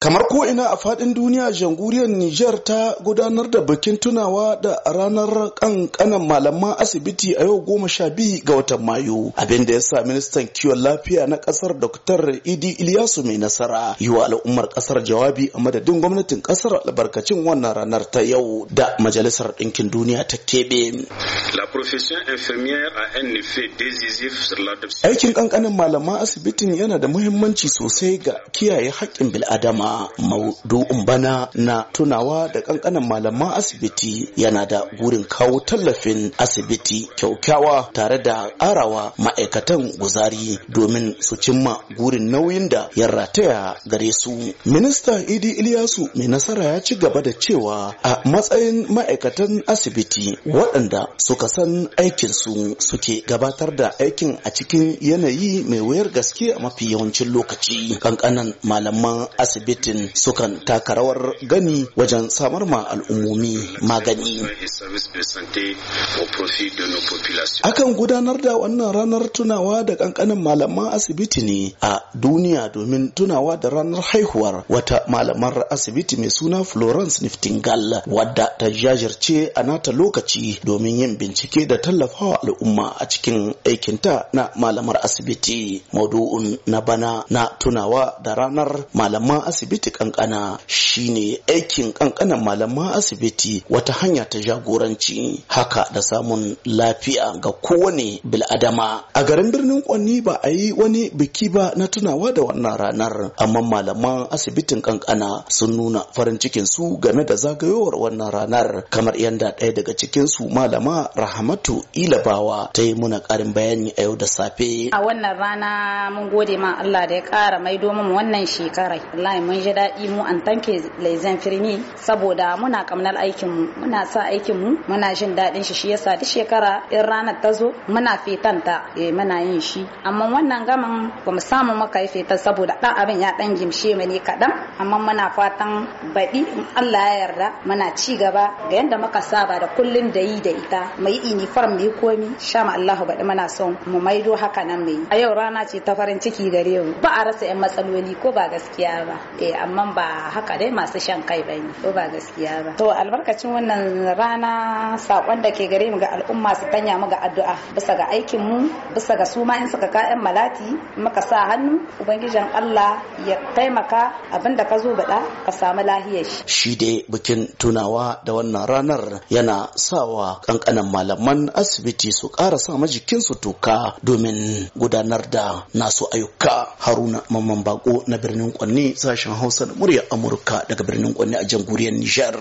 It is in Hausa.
Kamar ko'ina a faɗin duniya janguriyar Nijar ta gudanar da bikin tunawa da ranar ƙanƙanan malaman asibiti a yau goma sha biyu ga watan Mayu. Abin da ya sa ministan kiwon lafiya na ƙasar Dr. Idi Ilyasu mai nasara yi wa al'ummar ƙasar jawabi a madadin gwamnatin ƙasar albarkacin wannan ranar ta yau da Majalisar Ɗinkin Duniya ta keɓe. Aikin ƙanƙanin malaman asibitin yana da muhimmanci sosai ga kiyaye haƙƙin bil'adama. kuma maudu'in bana na tunawa da kankanan malaman asibiti yana da gurin kawo tallafin asibiti kyaukyawa tare da arawa ma'aikatan guzari domin su cimma gurin nauyin da ya rataya gare su minista idi iliyasu mai nasara ya ci gaba da cewa a matsayin ma'aikatan asibiti waɗanda suka san aikinsu suke gabatar da aikin a cikin yanayi mai wuyar gaske a mafi yawancin lokaci kankanan malaman asibiti asibitin sukan taka rawar gani wajen samar ma al'ummomi magani akan gudanar da wannan ranar tunawa da kankanin malaman asibiti ne a duniya domin tunawa da ranar haihuwar wata malamar asibiti mai suna florence niftingal wadda ta jajirce a nata lokaci domin yin bincike da tallafawa al'umma a cikin aikinta na malamar asibiti maudu'un na bana na tunawa da ranar malaman asibiti asibiti kankana shine aikin kankanan malaman asibiti wata hanya ta jagoranci haka da samun lafiya ga kowane bil'adama a garin birnin kwanni ba a yi wani biki ba na tunawa da wannan ranar amma malaman asibitin kankana sun nuna farin cikin su game da zagayowar wannan ranar kamar yadda ɗaya daga cikin su malama rahamatu ilabawa ta yi muna ƙarin bayani a yau da safe a wannan rana mun gode ma Allah da ya ƙara maido mu wannan shekarai wallahi mun ji daɗi mu an tanke laizen firmi saboda muna kamnar aikin mu muna sa aikin mu muna jin daɗin shi shi yasa duk shekara in ranar ta zo muna fetan ta eh muna yin shi amma wannan gaman ba mu samu maka fetan saboda ɗan abin ya ɗan gimshe mu ne kaɗan amma muna fatan baɗi in Allah ya yarda muna ci gaba ga yadda muka saba da kullun da yi da ita mai uniform mai komi sha ma Allahu baɗi muna son mu maido haka nan mai a yau rana ce ta farin ciki gare mu ba a rasa 'yan matsaloli ko ba gaskiya ba eh, amma ba haka dai masu shan kai ba ne ko ba gaskiya ba to albarkacin wannan rana sakon da ke gare mu ga al'umma su tanya mu ga addu'a bisa ga aikin mu bisa ga su ma in suka ka yan malati maka sa hannu ubangijin Allah ya taimaka abinda ka zo bada ka samu lahiyar shi shi dai bikin tunawa da wannan ranar yana sawa kankanan malaman asibiti su kara sa su toka domin gudanar da nasu ayyuka haruna mamman bako na birnin kwanni sashen Hausa da murya Amurka daga birnin Kwanne a jamhuriyar Nijar.